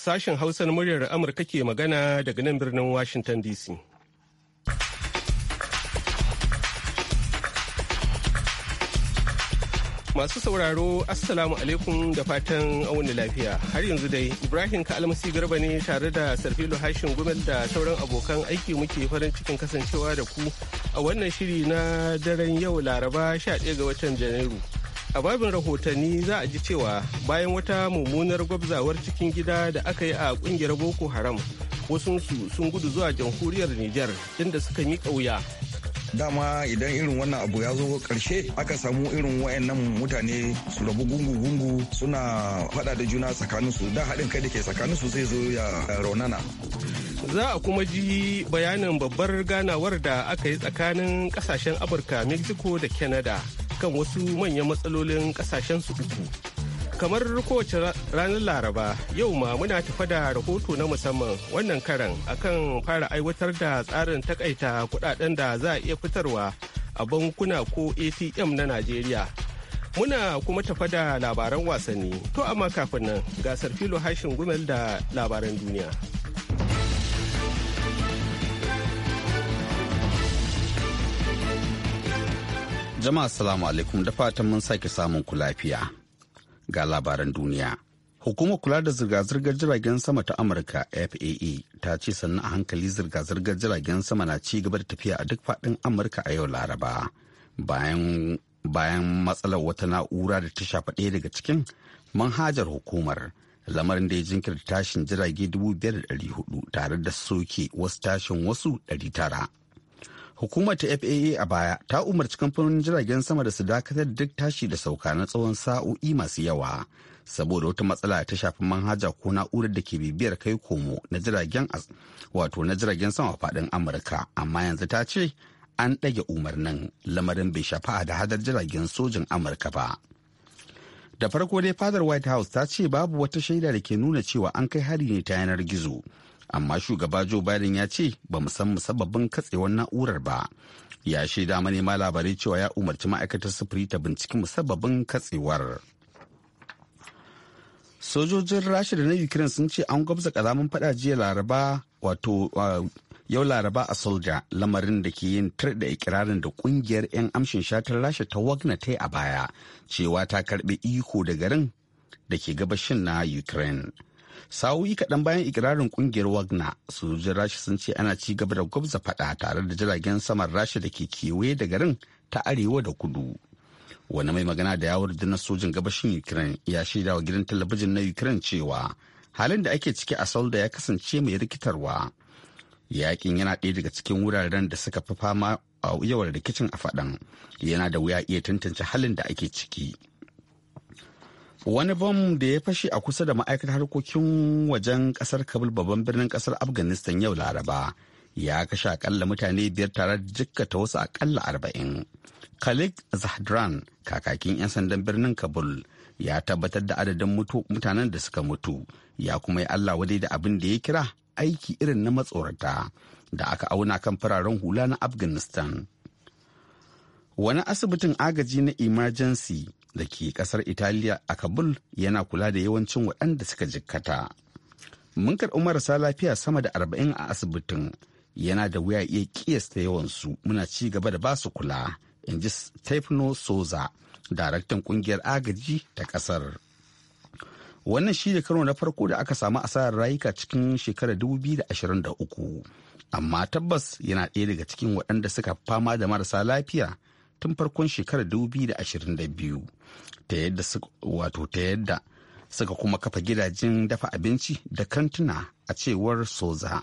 Sashen Hausa na muryar Amurka ke magana daga nan birnin Washington DC. Masu sauraro, Assalamu alaikum da fatan auni lafiya. Har yanzu dai, Ibrahim Ka'almasi Garba ne tare da Sarfilo Hashin Gumel da sauran abokan aiki muke farin cikin kasancewa da ku a wannan shiri na daren yau Laraba 11 ga watan Janairu. a babin rahotanni za a ji cewa bayan wata mummunar gwabzawar cikin gida da aka yi a kungiyar boko haram su sun gudu zuwa jamhuriyar niger inda suka yi wuya dama idan irin wannan abu ya zo karshe aka samu irin wayannan mutane su rabu gungu-gungu suna fada da juna tsakaninsu da haɗin kai da ke tsakaninsu zai zo ya raunana za a kuma ji bayanin babbar ganawar da aka yi tsakanin kasashen amurka mexico da canada kan wasu manyan matsalolin kasashen su uku. Kamar kowace ranar Laraba yau ma muna tafa da rahoto na musamman wannan karan akan fara aiwatar da tsarin takaita kudaden da za a iya fitarwa a bankuna ko ATM na Najeriya. Muna kuma tafa da labaran wasanni, to amma kafin nan gasar filo hashin gumel da labaran duniya. Jama'a salamu alaikum da fatan mun sake samun ku lafiya. Ga labaran duniya. Hukumar kula da zirga-zirgar jiragen sama ta Amurka FAA ta ce sannan a hankali zirga-zirgar jiragen sama na ci gaba da tafiya a duk faɗin Amurka a yau Laraba. Bayan bayan matsalar wata na'ura da ta shafa ɗaya daga cikin manhajar hukumar lamarin da ya jinkirta tashin jirage 5,400 tare da soke wasu tashin wasu 900. Hukumar ta FAA a baya ta umarci kamfanonin jiragen sama da su dakatar da duk tashi da sauka na tsawon sa'o'i masu yawa saboda wata matsala ta shafi manhaja ko na'urar da ke bibiyar kai komo na jiragen wato na jiragen sama fadin Amurka amma yanzu ta ce an ɗage umarnin lamarin bai shafa da hadar jiragen sojin Amurka ba. Da farko dai fadar White House ta ce babu wata shaida da ke nuna cewa an kai hari ne ta yanar gizo amma shugaba joe biden ya ce ba mu san musabbabin katsewar na'urar ba ya ne ma labarai cewa ya umarci ma'aikatar sufuri ta binciki musabbabin katsewar sojojin rasha da na ukraine sun ce an gwabza kalaman fada jiya laraba wato yau laraba a solja lamarin da ke yin tarda da ikirarin da kungiyar 'yan amshin shatar rasha ta wagna ta a baya cewa ta karbe iko da garin da ke gabashin na ukraine sa'o'i kaɗan bayan ikirarin kungiyar wagner sojojin rashi sun ce ana ci gaba da gwabza faɗa tare da jiragen saman rasha da ke kewaye da garin ta arewa da kudu wani mai magana da yawon rundunar sojin gabashin ukraine ya shaida wa gidan talabijin na ukraine cewa halin da ake ciki a solda ya kasance mai rikitarwa yakin yana ɗaya daga cikin wuraren da suka fi fama a yawan rikicin a faɗan yana da wuya iya tantance halin da ake ciki wani bom da ya fashe a kusa da ma'aikatar harkokin wajen kasar kabul babban birnin kasar afghanistan yau laraba ya kashe akalla mutane biyar tare da jikkata wasu akalla arba'in khalid zahdran kakakin 'yan sandan birnin kabul ya tabbatar da adadin mutanen da suka mutu ya kuma yi allah wadai da abin da ya kira aiki irin na matsorata da aka auna kan fararen hula na afghanistan wani asibitin agaji na emergency da ke kasar Italiya a Kabul yana kula da yawancin waɗanda suka jikkata. Mun karɓi marasa lafiya sama da arba'in a asibitin yana da wuya iya kiyasta yawansu muna ci gaba da basu kula, in ji Stefano Soza, daraktan ƙungiyar agaji ta ƙasar. Wannan shi da karo na farko da aka samu asarar rayuka cikin shekarar 2023, amma tabbas yana ɗaya daga cikin waɗanda suka fama da marasa lafiya tun farkon shekarar 2022 ta yadda wato ta yadda suka kuma kafa gidajen dafa abinci da kantuna a cewar soza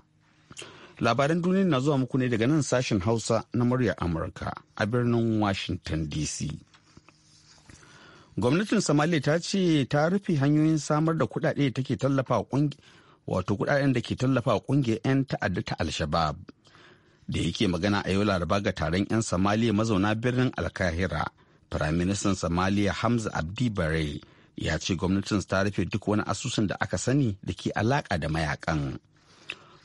labaran duniya na zuwa muku ne daga nan sashen hausa na murya amurka a birnin washington dc gwamnatin somalia ta ce ta rufe hanyoyin samar da kudade take tallafa wato da ke tallafa wa kungiyar 'yan ta'adda ta al-shabab da yake magana a yau laraba ga taron 'yan somaliya mazauna birnin alkahira firaministan somaliya hamza abdi bare ya ce gwamnatin ta rufe duk wani asusun da aka sani da ke alaka da mayakan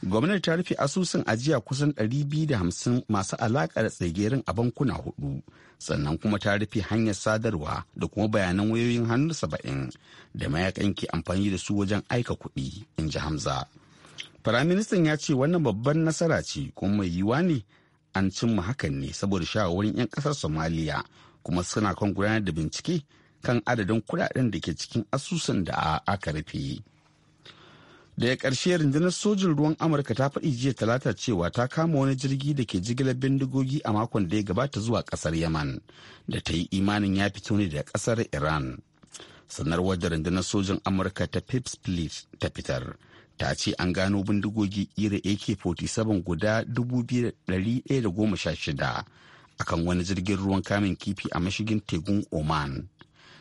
gwamnati ta rufe asusun ajiya kusan 250 masu alaka da tsagerin a bankuna hudu sannan kuma ta rufe hanyar sadarwa da kuma bayanan wayoyin hannu 70 da mayakan ke amfani da su wajen aika kuɗi in ji hamza Firaministan ya ce wannan babban nasara ce kuma mai yiwuwa ne an cimma hakan ne saboda shawarwarin 'yan ƙasar Somaliya kuma suna kan gudanar da bincike kan adadin kudaden da ke cikin asusun da aka rufe. Daga ƙarshe rundunar sojin ruwan Amurka ta faɗi jiya talata cewa ta kama wani jirgi da ke jigilar bindigogi a makon da ya gabata zuwa ƙasar Yaman da ta yi imanin ya fito ne daga ƙasar Iran. Sanarwar da rundunar sojin Amurka ta Pips ta fitar. ta ce an gano bindigogi ira ak-47 guda 2,116 akan wani jirgin ruwan kamun kifi a mashigin tekun oman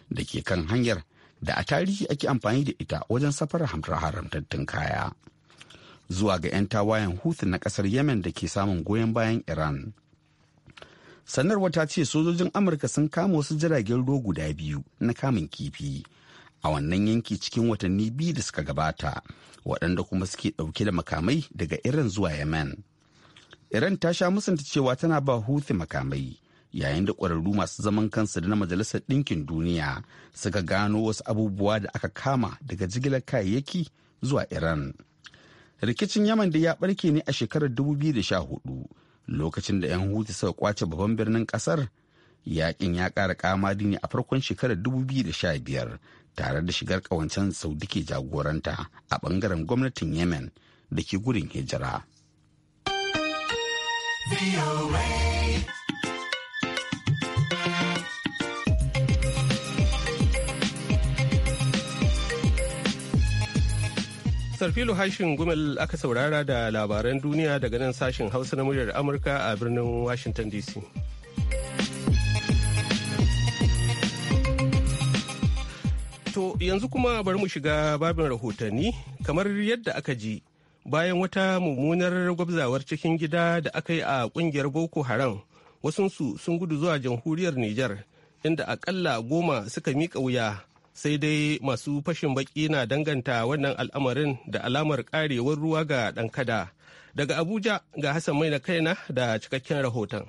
da ke kan hanyar da a tarihi ake amfani da ita wajen safar haramtattun kaya zuwa ga 'yan tawayen hutu na kasar yemen da ke samun goyon bayan iran sanarwa ta ce sojojin amurka sun kama wasu jiragen ruwa guda biyu na kamun kifi a wannan yanki cikin watanni biyu da suka gabata waɗanda kuma suke ɗauke da makamai daga iran zuwa yemen iran ta sha musanta cewa tana ba huthi makamai yayin da ƙwararru masu zaman kansu da na majalisar ɗinkin duniya suka gano wasu abubuwa da aka kama daga jigilar kayayyaki zuwa iran rikicin yaman da ya ɓarke ne a shekarar 2014 lokacin da 'yan huti suka kwace babban birnin ƙasar yakin ya ƙara kamari ne a farkon shekarar 2015 tare da shigar ƙawancen saudi ke jagoranta a bangaren gwamnatin yemen da ke gudun hijira. Sarfilu hashin gumel aka saurara da labaran duniya daga nan sashin hausa na muryar Amurka a birnin Washington DC. yanzu kuma bari mu shiga babin rahotanni kamar yadda aka ji bayan wata mummunar gwabzawar cikin gida da aka yi a kungiyar boko haram wasunsu sun gudu zuwa jamhuriyar niger inda akalla goma suka miƙa wuya sai dai masu fashin baki na danganta wannan al'amarin da alamar karewar ruwa ga ɗan kada daga abuja ga hassan mai na kaina da cikakken rahoton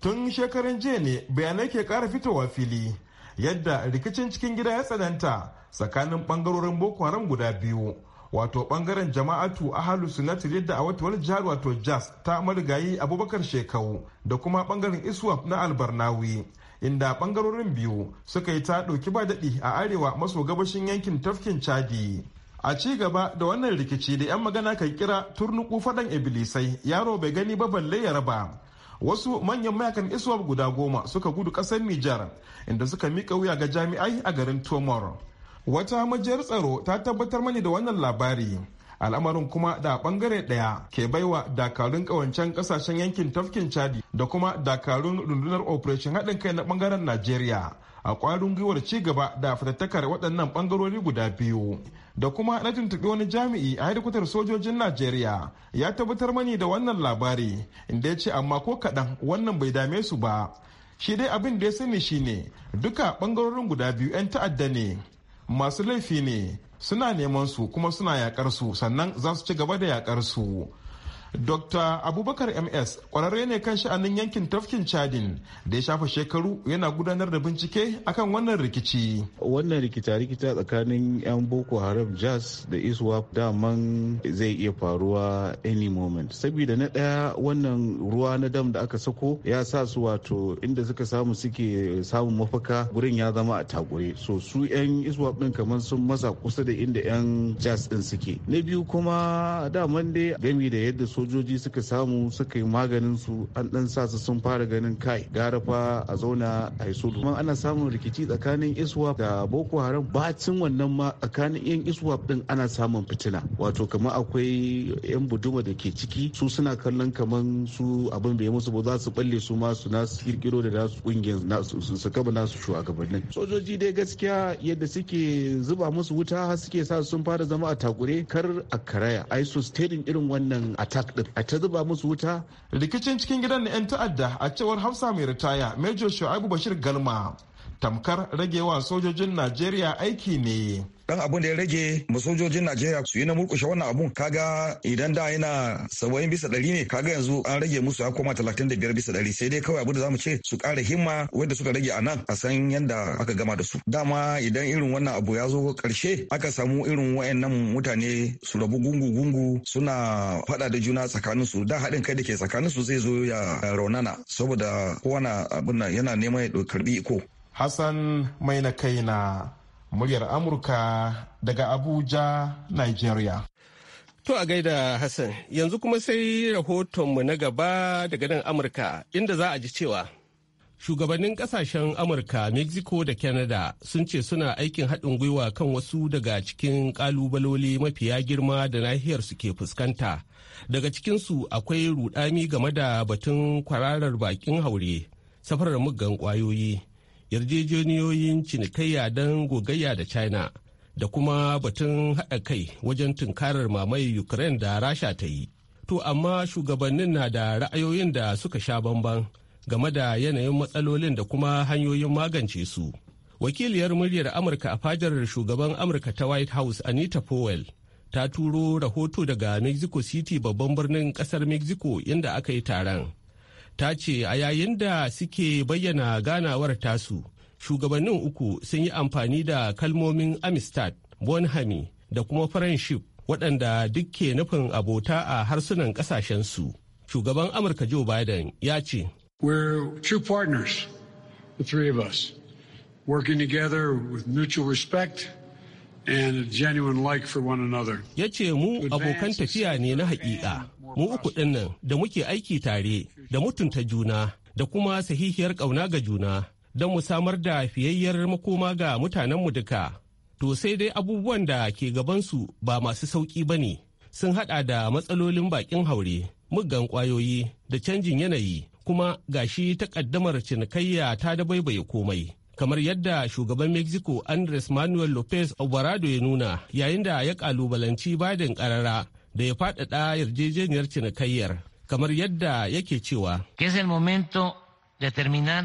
tun shekaran jiya ne bayanai ke ƙara fitowa fili yadda rikicin cikin gida ya tsananta tsakanin bangarorin boko haram guda biyu wato bangaren jama'atu a halu sunnati yadda a wata wani jihar wato jas ta marigayi abubakar shekau da kuma bangaren iswap na albarnawi inda bangarorin biyu suka yi ta ɗauki ba daɗi a arewa maso gabashin yankin tafkin chadi a ci gaba da wannan rikici da 'yan magana kan kira turnuku faɗan ibilisai yaro bai gani ba balle ya raba wasu manyan mayakan iswap guda goma suka gudu kasar nijar inda suka mika wuya ga jami'ai a garin tomor wata majiyar tsaro ta tabbatar mani da wannan labari al'amarin kuma da bangare daya ke baiwa dakarun kawancen kasashen yankin tafkin chadi da kuma dakarun rundunar operation haɗin kai na bangaren najeriya a kwarin gwiwar ci gaba da fitattakar waɗannan ɓangarori guda biyu da kuma na tuntuɓi wani jami'i a hedikwatar sojojin najeriya ya tabbatar mani da wannan labari inda ya ce amma ko kaɗan wannan bai dame su ba shi dai abin da ya sani shi ne duka ɓangarorin guda biyu 'yan ta'adda ne masu laifi ne suna neman su kuma suna yakar su sannan za su ci gaba da yakar su Dr. Abubakar MS kwararre ne kan sha'anin yankin tafkin Chadin da ya shafa shekaru yana gudanar da bincike akan wannan rikici. Wannan rikita-rikita tsakanin 'yan Boko Haram Jazz da ISWAP daman zai iya faruwa any moment. Saboda na ɗaya wannan ruwa na dam da aka sako ya sa su wato inda suka samu suke samun mafaka gurin ya zama a takure. So su 'yan ISWAP ɗin kamar sun masa kusa da inda 'yan Jazz ɗin suke. Na biyu kuma daman dai gami da yadda su sojoji suka samu suka yi maganin su an dan sa su sun fara ganin kai gara fa a zauna a yi sulhu kuma ana samun rikici tsakanin iswa da boko haram bacin wannan ma tsakanin yan iswa din ana samun fitina wato kamar akwai yan buduma da ke ciki su suna kallon kaman su abin bai musu ba za su balle su ma su nasu kirkiro da nasu kungiyar nasu su kaba nasu shugabannin sojoji dai gaskiya yadda suke zuba musu wuta suke sa sun fara zama a takure kar a karaya ai sustaining irin wannan attack din a ta zuba musu wuta rikicin cikin gidan na 'yan ta'adda a cewar Hausa mai ritaya major shu'aibu bashir galma tamkar ragewa sojojin najeriya aiki ne dan abun da ya rage mu sojojin Najeriya su yi na murkushe wannan abun kaga idan da yana saba'in bisa ɗari ne kaga yanzu an rage musu ya koma talatin da biyar bisa ɗari sai dai kawai abin da zamu ce su ƙara himma wanda suka rage a nan a san yadda aka gama da su dama idan irin wannan abu ya zo ƙarshe aka samu irin wayannan mutane su rabu gungu-gungu suna faɗa da juna tsakanin su da haɗin kai da ke tsakanin su zai zo ya raunana saboda kowane abin nan yana neman ya karbi iko. Hassan mai na kai na. muryar amurka daga abuja nigeria To a gaida Hassan, yanzu kuma sai rahotonmu na gaba daga nan Amurka inda za a ji cewa shugabannin kasashen Amurka, Mexico da Canada sun ce suna aikin haɗin gwiwa kan wasu daga cikin ƙalubaloli mafiya girma da nahiyar su ke fuskanta. Daga cikinsu akwai rudami game da batun kwararar bakin haure, safarar muggan ƙwayoyi. yarjejeniyoyin cinikayya don gogayya da china da kuma batun haɗa kai wajen tunkarar mamaye ukraine da rasha ta yi to amma shugabannin na da ra'ayoyin da suka sha bamban game da yanayin matsalolin da kuma hanyoyin magance su wakiliyar muryar amurka a fadar shugaban amurka ta white house anita powell ta turo rahoto daga mexico city babban birnin kasar mexico inda aka yi taron ta ce a yayin da suke bayyana ganawar tasu shugabannin uku sun yi amfani da kalmomin amistad bonhami da kuma friendship waɗanda duk ke nufin abota a harsunan ƙasashensu shugaban amurka joe biden ya ce we're true with mutual respect and a for one ya ce mu abokan tafiya ne na haƙiƙa mu uku ɗin nan da muke aiki tare da mutunta juna da kuma sahihiyar ƙauna ga juna don mu samar da fiyayyar makoma ga mutanenmu duka. To sai dai abubuwan da ke gabansu ba masu sauƙi ba ne sun haɗa da matsalolin baƙin haure, muggan ƙwayoyi da canjin yanayi kuma gashi takaddamar cinikayya ta dabaibaye komai. kamar yadda shugaban mexico andres manuel lopez obrador ya nuna yayin da ya kalubalanci biden karara da ya faɗaɗa yarjejeniyar cinikayyar kamar yadda yake cewa. Es el momento de terminar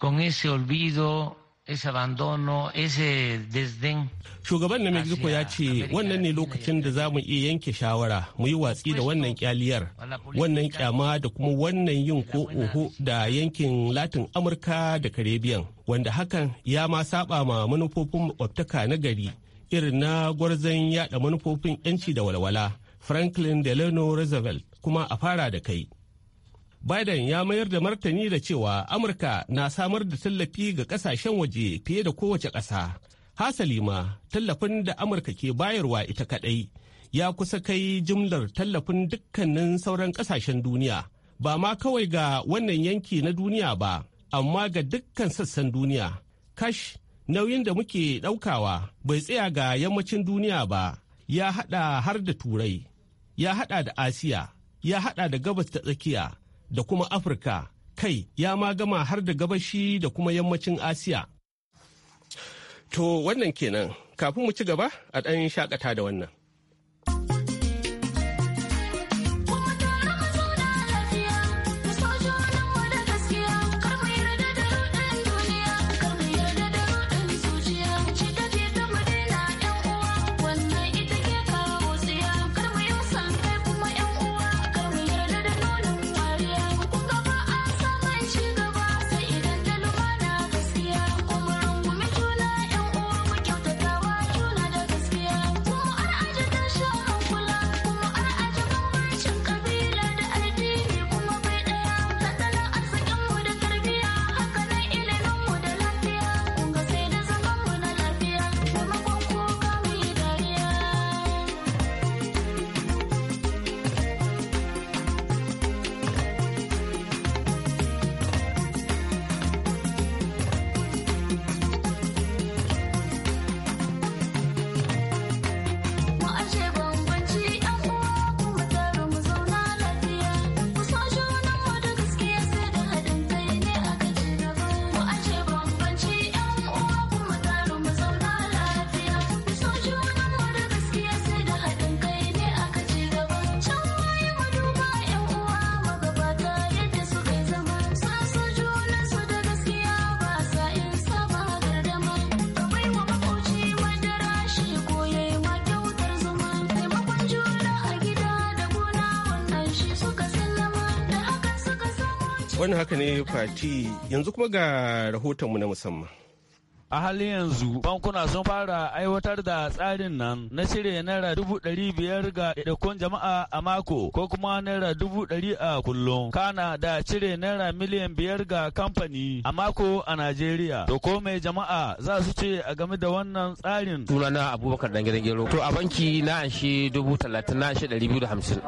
con ese olvido ese abandono, ese desdén. Shugaban na Mexico ya ce wannan ne lokacin da za mu iya yanke shawara mu yi watsi da wannan kyaliyar, wannan kyama da kuma wannan yin ko oho da yankin Latin Amurka da Caribbean, wanda hakan ya ma saba ma manufofin makwabtaka na gari irin na gwarzon yada manufofin 'yanci da walwala franklin delano roosevelt kuma a fara da kai biden ya mayar da martani da cewa amurka na samar da tallafi ga kasashen waje fiye da kowace ƙasa hasali ma tallafin da amurka ke bayarwa ita kadai ya kusa kai jimlar tallafin dukkanin sauran kasashen duniya ba ma kawai ga wannan yanki na duniya ba amma ga dukkan sassan duniya kash nauyin da muke ɗaukawa bai tsaya ga yammacin duniya ba ya haɗa har da turai ya haɗa da asiya ya haɗa da gabas ta tsakiya da kuma afirka kai ya ma gama har da gabashi da kuma yammacin asiya to wannan kenan kafin mu ci gaba a ɗan shakata da wannan wannan haka ne fati yanzu kuma ga rahotonmu na musamman a halin yanzu bankuna sun fara aiwatar da tsarin nan na cire naira dubu ɗari biyar ga ɗaiɗaikun jama'a a mako ko kuma naira dubu ɗari a kullum kana da cire naira miliyan biyar ga kamfani a mako a najeriya to ko mai jama'a za su ce a game da wannan tsarin sunana abubakar dan gidan gero to a banki na anshi dubu talatin na anshi ɗari biyu da hamsin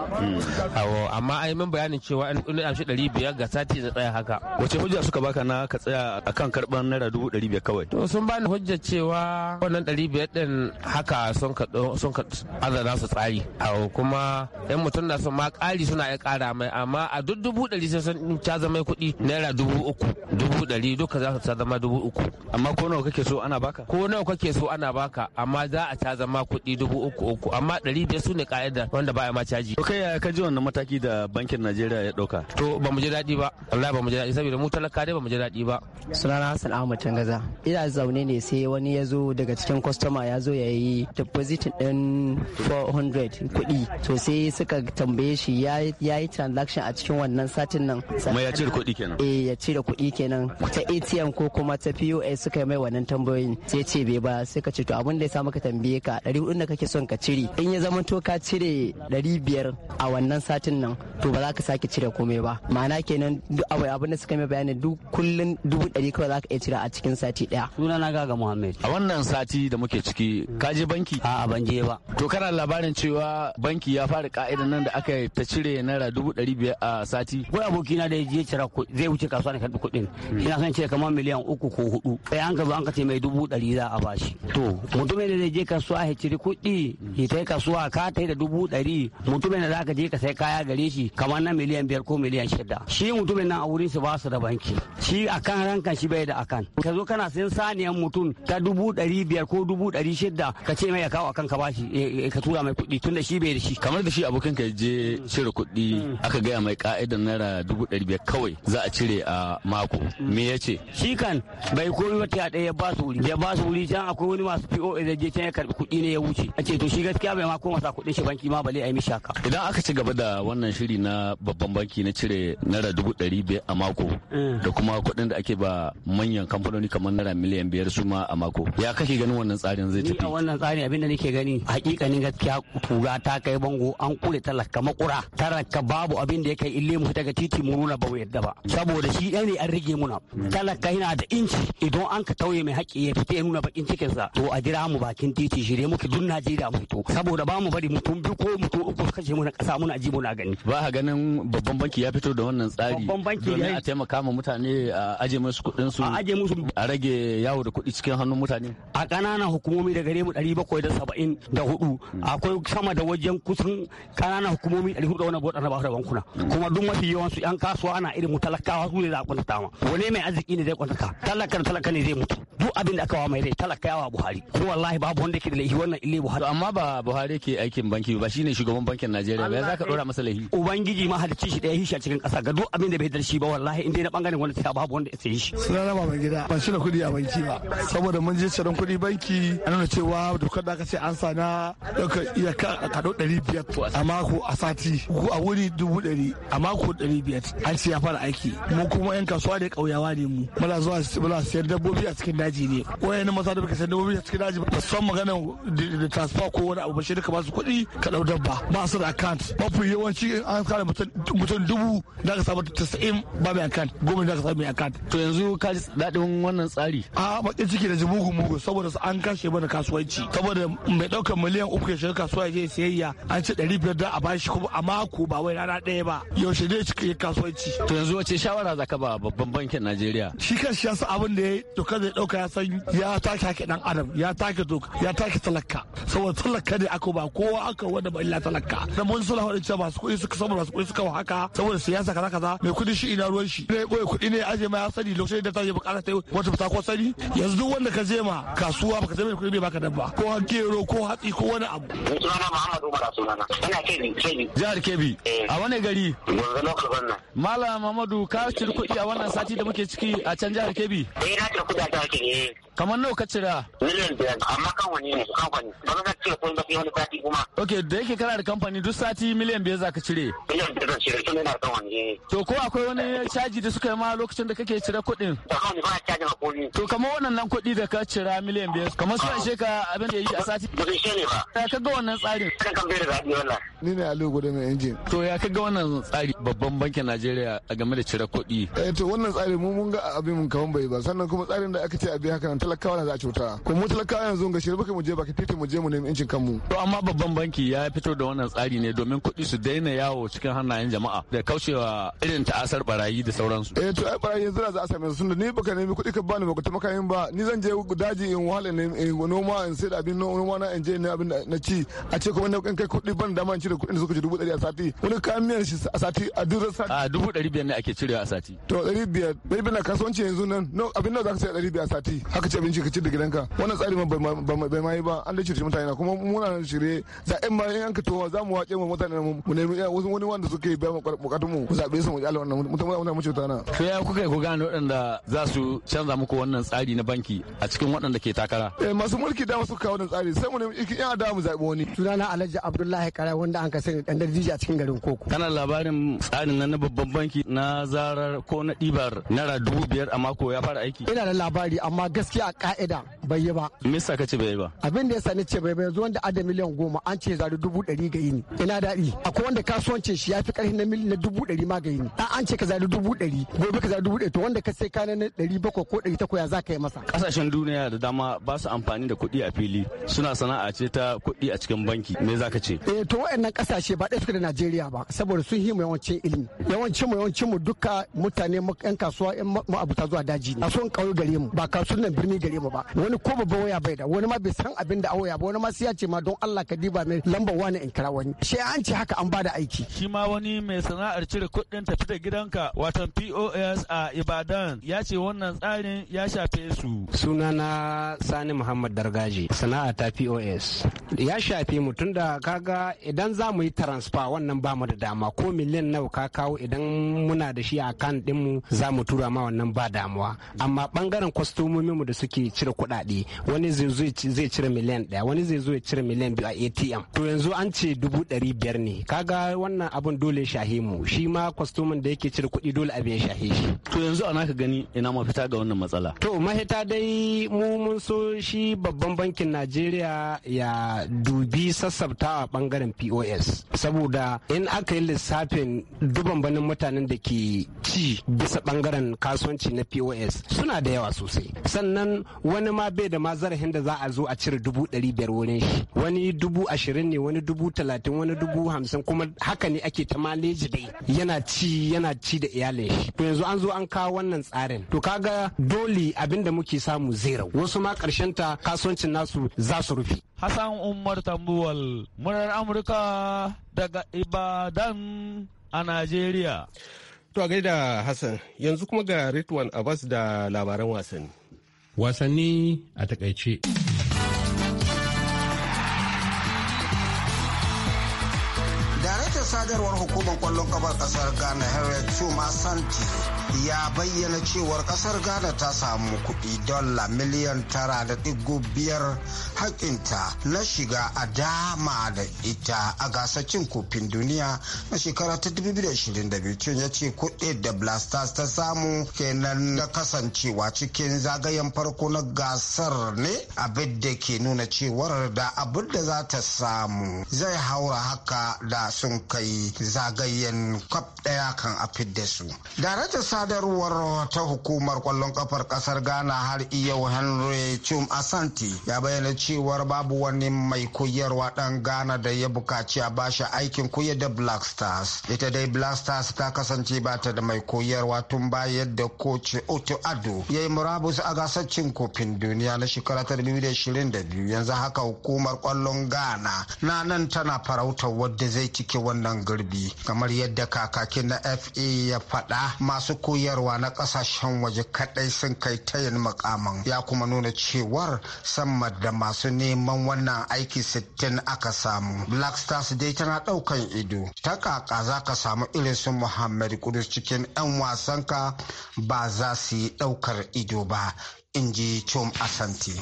amma ai min bayanin cewa in anshi ɗari biyar ga sati na tsaya haka wace hujja suka baka na ka tsaya akan karɓar naira dubu ɗari biyar kawai sun bani hujjar cewa wannan ɗari biyar ɗin haka sun ka azana su tsari a kuma yan mutum na su ma ƙari suna ya ƙara mai amma a duk dubu ɗari sai sun ca zama kuɗi naira dubu uku dubu ɗari duka za su ca zama dubu uku amma ko nawa kake so ana baka ko nawa kake so ana baka amma za a ca zama kuɗi dubu uku uku amma ɗari biyar su ne ƙa'ida wanda a ma caji. to kai ka ji wannan mataki da bankin najeriya ya ɗauka. to ba mu ji daɗi ba wallahi ba mu ji daɗi saboda mu talaka dai ba mu ji daɗi ba. sunana hassan ahmad tangaza ina zaune ne sai wani ya zo daga cikin kwastoma ya zo ya yi deposit din 400 kuɗi to sai suka tambaye shi ya yi transaction a cikin wannan satin nan kuma ya cire kuɗi kenan eh ya cire kuɗi kenan ta ATM ko kuma ta POS suka yi mai wannan tambayoyin sai ce bai ba sai ka ce to abin da ya sa ka tambaye ka 400 da kake son ka cire in ya zama to ka cire 500 a wannan satin nan to ba za ka sake cire komai ba ma'ana kenan abin da suka mai bayani duk kullun dubu ɗari kawai za ka iya cire a cikin sati ɗaya suna na gaga muhammed a wannan sati da muke ciki ka je banki a ban je ba to kana labarin cewa banki ya fara ka'idan nan da aka ta cire naira dubu ɗari biyar a sati ko abokina da ya je cira zai wuce kasuwa na karɓi kuɗin hmm. ina son cire kamar miliyan uku ko hudu sai an ka zo an ka ce mai dubu ɗari za a bashi to mutumin da zai je kasuwa ya cire kuɗi ya tai kasuwa ka tai da dubu ɗari mutumin da za ka je ka sai kaya gare shi kamar na miliyan biyar ko miliyan shida shi mutumin nan a wurin su ba su da banki shi akan rankan shi bai da akan ka zo kana sun sani saniyan mutum ta dubu ɗari biyar ko dubu ɗari shida ka ce mai ya kawo akan ka bashi eh, eh, ka tura mai kuɗi tun da shi bai da shi kamar da shi abokin ka je cire kuɗi mm. aka gaya mai ka'idar naira dubu ɗari biyar kawai za a cire a mako mm. me ya ce shi kan bai koyi wata ɗaya ya ba su wuri ya ba su wuri can akwai wani masu POA da je can ya karɓi kuɗi ne ya wuce a ce to shi gaskiya bai ma koma sa kuɗin shi banki ma bale a yi mishi haka idan aka ci gaba da wannan shiri na babban banki na cire naira dubu ɗari biyar a mako mm. da kuma kuɗin da ake ba manyan kamfanoni kamar naira miliyan miliyan biyar su ma a mako ya kake ganin wannan tsarin zai tafi a wannan tsarin abinda nake gani hakikanin gaskiya kura ta kai bango an kure talaka makura talaka babu abin da ya kai ille mu daga titi mu nuna ba yadda ba saboda shi ɗaya ne an rige muna talaka yana da inci idan an ka tauye mai haƙƙi ya fita ya nuna bakin cikinsa to a jira mu bakin titi shirye muke duk Najeriya mu fito saboda ba mu bari mutum biyu ko mutum uku su kashe muna ƙasa muna ji muna gani ba ka ganin babban banki ya fito da wannan tsari babban banki domin a taimaka ma mutane a aje musu kuɗin su a aje musu a rage yawo yawo da kuɗi cikin hannun mutane a ƙananan hukumomi da gare mu ɗari bakwai da saba'in da hudu akwai sama da wajen kusan ƙananan hukumomi ɗari hudu wani bautar ba da bankuna kuma duk mafi yawan su 'yan kasuwa ana irin mu talakawa su ne za a kwantata ma wani mai arziki ne zai kwantata talakar talaka ne zai mutu duk abin da aka wa mai rai talaka yawa buhari ko wallahi babu wanda ke da laifi wannan ile buhari amma ba buhari ke aikin banki ba shine shugaban bankin najeriya ba za ka dora masa laifi ubangiji ma halicci shi daya hisha cikin ƙasa ga duk abin da bai shi ba wallahi in dai na bangaren wanda ta babu wanda ya sayi shi sunana baban gida ban shi da kuɗi a banki Allah saboda mun je ciran kuɗi banki A nuna cewa dokar da aka ce an sana daga iya kaɗo ɗari biyar a mako a sati ko a wuri dubu ɗari a mako ɗari biyar an ce ya fara aiki mu kuma yan kasuwa da ƙauyawa ne mu muna zuwa muna sayar dabbobi a cikin daji ne Ko yana masa da muka sayar dabbobi a cikin daji ba san magana da transfer ko wani abu ba shi ka ba su kuɗi ka ɗau dabba ba su da account mafi yawanci an kare mutum dubu da ka samu tasa'in ba mai account goma da ka samu mai account to yanzu ka ji daɗin wannan tsari a amma baƙin ciki da ji mugu mugu saboda an kashe mana kasuwanci saboda mai ɗaukar miliyan uku ya shiga kasuwa ya je sayayya an ci ɗari biyar da a bashi kuma a mako ba wai rana ɗaya ba yaushe ne ciki ya kasuwanci. to yanzu wace shawara za ka ba babban bankin najeriya. shi kan shi yasa abin da ya doka zai ɗauka ya san ya take haƙƙin ɗan adam ya take doka ya take talaka saboda talaka ne aka ba kowa aka wanda ba illa talaka da mun sula wadda cewa masu kuɗi suka samu masu kuɗi suka haka saboda siyasa kaza kaza mai kuɗi shi ina ruwan shi ne ɓoye kuɗi ne aje ma ya sani lokacin da ta je bukata ta wata fita ko sani yanzu wanda ka je ma kasuwa baka zama kuɗi bai baka dabba ko gero ko hatsi ko wani abu sunana Muhammad Umar sunana ina kebi kebi. jihar kebi. Eh. a wani gari Gonzo local government Malam Muhammadu ka ciri kuɗi a wannan sati da muke ciki a can jihar kebi. eh na ciri kuɗi a jihar Kebbi eh. kamar nawa ka cira miliyan biyar amma kan wani ne kamfani ba ka cire ko ba wani sati kuma ok da yake kana da kamfani duk sati miliyan biyar za ka cire miliyan biyar zan cire tun ina kan wani eh. to ko akwai wani caji da suka yi ma lokacin da kake cire kuɗin da wani ba caji ma komi to kamar wannan nan kuɗi da ka cira miliyan biyar kamar su ishe ka abin da ya yi a sati ba zai ishe ne ba ya kaga wannan tsarin kan kan bai da zaɓi wannan ni ne aliyu gudu mai injin to ya kaga wannan tsari babban bankin najeriya a game da cire kuɗi eh to wannan tsari mu mun ga abin mun kawun bai ba sannan kuma tsarin da aka ce a biya haka talakawa na za a cuta ko mu talakawa yanzu ga baka mu je baki titi mu je mu nemi incin kanmu to amma babban banki ya fito da wannan tsari ne domin kuɗi su daina yawo cikin hannayen jama'a da kaucewa irin ta'asar barayi da sauransu eh to ai barayi yanzu za a same su tunda ni baka nemi kuɗi ka bani baka taimaka yin ba ni zan je daji in wahala ne in eh, noma in sai da abin noma na in je ne abin na ci a ce kuma na kai kuɗi ban dama in cire kuɗin da suka ci dubu ɗari a sati wani kayan miyar shi a sati a dubu sati a dubu ɗari biyar ne ake cirewa a sati to ɗari biyar ɗari biyar na kasuwanci yanzu nan abin nawa za ka sai ɗari biyar a sati haka ce abinci ka ci da gidanka wannan tsari ma bai ma yi ba an da shirye mutane na kuma muna shirye za zaɓen ma yan ka towa za mu wace mu mutane na mu nemi wasu wani wanda suke biya bukatun mu ku zaɓe su mu ƙyale wannan wannan mu cuta na. to ya kuka yi ku gano waɗanda za su canza muku wannan tsari na banki a cikin waɗanda ke takara. eh masu mulki da su kawo wannan tsari sai mu nemi ikin yan adamu zabe zaɓi wani. sunana alhaji abdullahi kara wanda an ka sani dan darjiji a cikin garin koko. kana labarin tsarin nan na babban banki na zarar ko na dibar naira dubu biyar a mako ya fara aiki. ina da labari amma gaskiya ka'ida bai yi ba. Me ka ce bai yi ba? Abin da sani ce bai ba yanzu wanda adda miliyan goma an ce zari dubu ɗari ga yini. Ina daɗi. Akwai wanda kasuwancin shi ya fi ƙarfi na na dubu ɗari ma ga yini. An ce ka zari dubu ɗari gobe ka zari dubu ɗari to wanda ka sai kana na ɗari bakwai ko ɗari takwaya za ka yi masa. Ƙasashen duniya da dama ba su amfani da kuɗi a fili suna sana'a ce ta kuɗi a cikin banki me za ka ce? Eh to waɗannan ƙasashe ba ɗaya suka da Najeriya ba saboda sun yi mu yawancin ilimi. Yawancin mu yawancin mu duka mutane 'yan kasuwa 'yan ma'abuta zuwa daji ne. A son ƙauye gare mu ba kasuwan ilimi gare mu ba wani ko babban waya bai da wani ma bai san abin da awoya ba wani ma sai ya ce ma don Allah ka diba mai lambar wani in kira wani shi an ce haka an bada aiki shi ma wani mai sana'ar cire kuɗin tafi da gidanka watan POS a Ibadan ya ce wannan tsarin ya shafe su sunana Sani Muhammad Dargaji sana'a ta POS ya shafe mu tunda kaga idan za mu yi transfer wannan ba mu da dama ko miliyan nawa ka kawo idan muna da shi a kan dinmu za mu tura ma wannan ba damuwa amma bangaren kwastomomin mu da suke cire kuɗaɗe wani zai cire miliyan ɗaya wani zai zo ya cire miliyan biyu a atm to yanzu an ce dubu ɗari biyar ne kaga wannan abin dole shahe mu shi ma kwastomin da yake cire kuɗi dole abin shahe shi to yanzu ana ka gani ina mafita ga wannan matsala to mahita dai mu mun so shi babban bankin najeriya ya dubi sassabta a bangaren pos saboda in aka yi lissafin dubanbanin mutanen da ke ci bisa bangaren kasuwanci na pos suna da yawa sosai sannan wani ma bai da ma zarafin da za a zo a cire dubu ɗari biyar wurin shi wani dubu ashirin ne wani dubu talatin wani dubu hamsin kuma haka ne ake ta maleji dai yana ci yana ci da iyalin shi to yanzu an zo an kawo wannan tsarin to kaga dole abin da muke samu zero wasu ma karshen ta kasuwancin nasu za su rufe Hassan Umar Tambuwal, murar Amurka daga Ibadan a Najeriya. To gaida Hassan, yanzu kuma ga Ritwan Abbas da labaran wasanni. wasanni a takaice. sadarwar hukumar kwallon kafar kasar ghana harriet chuma santi ya bayyana cewar kasar ghana ta samu kuɗi dala miliyan tara da digo biyar hakinta na shiga a dama da ita a gasar cin kofin duniya na shekara ta 2022 ya ce kudi da blasters ta samu kenan na kasancewa cikin zagayen farko na gasar ne abin da ke nuna cewar da abin da za ta samu zai haura haka da sun kai suka yi zagayen kwaf daya kan a da su. darajar sadarwar ta hukumar kwallon kafar kasar Ghana har yau Henry Chum Asante ya bayyana cewar babu wani mai koyarwa dan Ghana da ya bukaci a bashi aikin koyar da Black Stars. Ita dai Black Stars ta kasance bata da mai koyarwa tun bayan da koci Otto Ado ya yi murabus a gasar cin kofin duniya na shekara ta 2022 yanzu haka hukumar kwallon Ghana na nan tana farautar wadda zai cike wannan wannan girbi kamar yadda kakakin na fa ya faɗa masu koyarwa na ƙasashen waje kaɗai sun kai tayin makaman ya kuma nuna cewar sama da masu neman wannan aiki sittin aka samu black stars dai tana ɗaukan ido ta kaka za ka samu irin su muhammad kudus cikin 'yan ka ba za su yi ɗaukar ido ba in ji Chom Asante.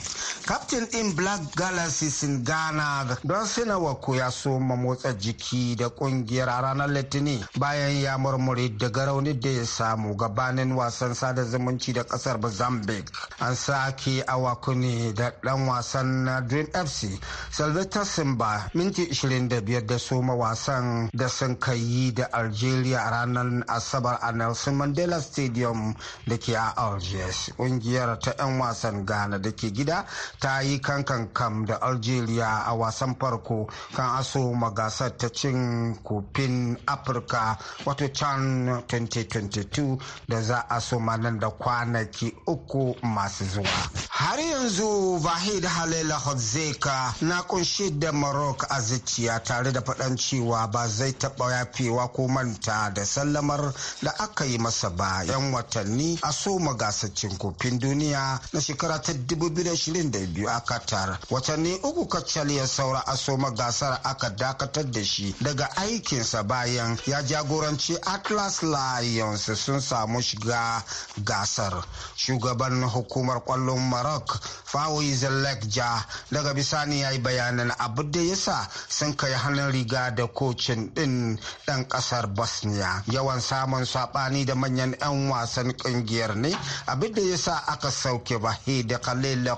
Kaftin ɗin Black Galaxies in Ghana don sina ko ya so motsa jiki da kungiyar a ranar litini bayan ya murmuri daga rauni da ya samu gabanin wasan sada zumunci da kasar Mozambique. An sake a wakuni da dan wasan na Dream FC salvator Simba minti 25 da soma wasan da sun kai yi da Algeria a ranar Asabar a Nelson Mandela Stadium da ke a Algiers. kungiyar ta 'yan wasan ghana da ke gida ta yi kankan kam da algeria a wasan farko kan aso magasar ta cin kofin afirka wato can 2022 da za a so nan da kwanaki uku masu zuwa har yanzu vahid halila hotzeka na kunshi da maroc a zuciya tare da faɗan cewa ba zai taɓa yafewa ko manta da sallamar da aka yi masa ba 'yan watanni a so gasar cin kofin duniya na shekara ta 2022 a Qatar. Watanni uku kacal ya saura a soma gasar aka dakatar da shi daga aikinsa bayan ya jagoranci Atlas Lions sun samu shiga gasar. Shugaban hukumar kwallon Maroc Fawi Zalekja daga bisani ya yi bayanan abu da ya sa sun kai hannun riga da kocin din ɗan ƙasar Bosnia. Yawan samun saɓani da manyan 'yan wasan ƙungiyar ne abin da ya sa aka sau ɗauke ba da kalila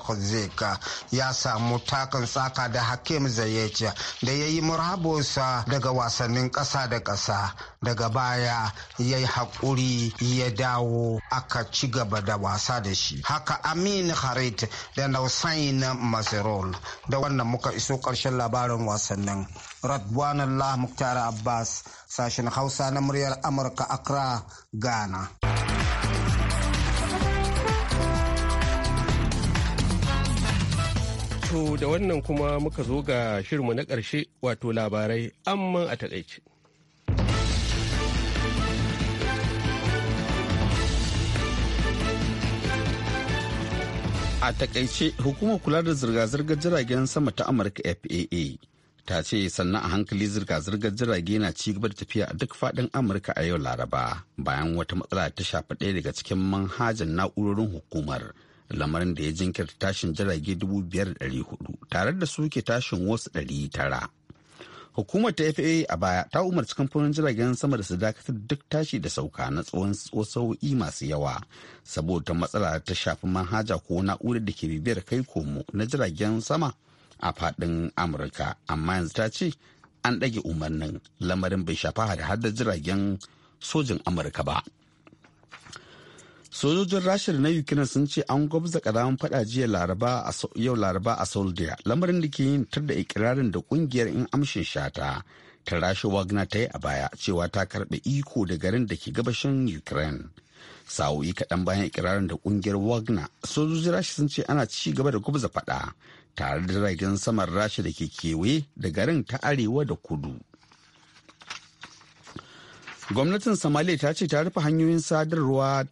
ya samu takan tsaka da hakim zayeci da ya yi murabusa daga wasannin ƙasa da ƙasa daga baya ya yi haƙuri ya dawo aka ci gaba da wasa da shi haka amin harit da nausain masirol da wannan muka iso ƙarshen labarin wasannin radwan allah muktar abbas sashen hausa na muryar amurka accra ghana To da wannan kuma muka zo ga shirinmu na ƙarshe wato labarai amman a taƙaice. A taƙaice, hukumar kula da zirga-zirgar jiragen sama ta Amurka FAA ta ce sannan a hankali zirga-zirgar jirage na ci gaba da tafiya a duk faɗin Amurka a yau Laraba bayan wata matsala ta shafi ɗaya daga cikin manhajan na'urorin hukumar. lamarin da ya jinkirta tashin jirage 5,400 tare da suke tashin wasu 900 hukumar ta faa a baya ta umarci kamfanin jiragen sama da su dakatar duk tashi da sauka na tsawon sau'i masu yawa saboda matsala ta shafi manhaja ko na'urar da ke bibiyar kai komo na jiragen sama a faɗin amurka amma yanzu ta ce an ɗage umarnin lamarin bai shafa har da jiragen sojin amurka ba. sojojin rasha na ukraine sun ce an gwabza karamin fada jiya laraba yau laraba a soldier lamarin da ke yin tar da ikirarin da kungiyar in amshin shata ta rasha wagner ta yi a baya cewa ta karbe iko da garin da ke gabashin ukraine sa'o'i kaɗan bayan ikirarin da kungiyar wagner sojojin rashi sun ce ana ci gaba da gwabza fada tare da ragen saman rasha da ke kewaye da garin ta arewa da kudu gwamnatin somalia ta ce ta rufe hanyoyin sadarwa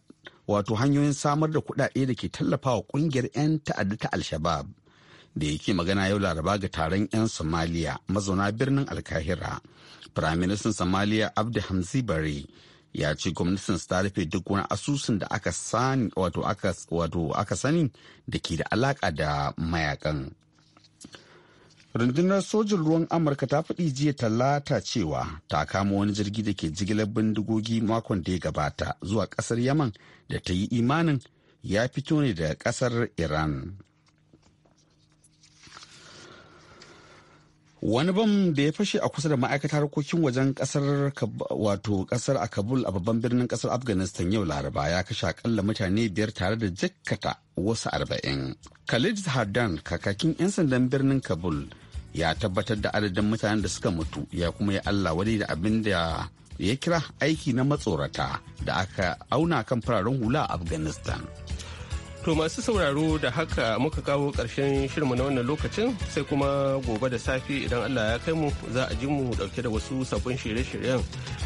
wato hanyoyin samar da kuɗaɗe da ke tallafawa ƙungiyar 'yan ta'adda ta alshabab da yake magana yau laraba ga taron 'yan somaliya mazauna birnin alkahira firaministan somaliya abdi hamzi bare ya ce gwamnatin ta rufe duk wani asusun da aka sani wato aka sani da ke da alaka da mayakan rundunar sojin ruwan amurka ta faɗi jiya talata cewa ta kama wani jirgi da ke jigilar bindigogi makon da ya gabata zuwa ƙasar yaman da ta yi imanin ya fito ne daga ƙasar iran wani bam da ya fashe a kusa da ma'aikatar harkokin wajen kasar wato kasar a kabul a babban birnin kasar afghanistan yau laraba ya kashe akalla mutane biyar tare da jakkata wasu arba'in khalid hardan kakakin 'yan sandan birnin kabul ya tabbatar da adadin mutanen da suka mutu ya kuma yi Allah wani da abin da ya kira aiki na matsorata da aka auna kan fararen hula a afghanistan To masu sauraro da haka muka kawo ƙarshen shirinmu na wannan lokacin sai kuma gobe da safe idan Allah ya kai mu za a ji mu dauke da wasu sabbin shirye-shiryen.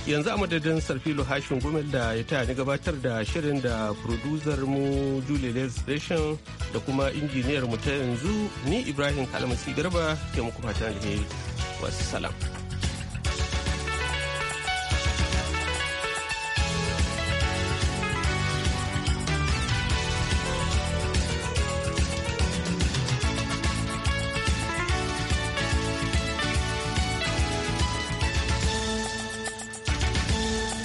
Yanzu a madadin Sarfilo Hashin Gumel da ya taya ni gabatar da shirin da producer mu Julie Lesration da kuma injiniyar mu ta yanzu ni Ibrahim Kalmasi Garba ke muku fatan alheri. Wassalam.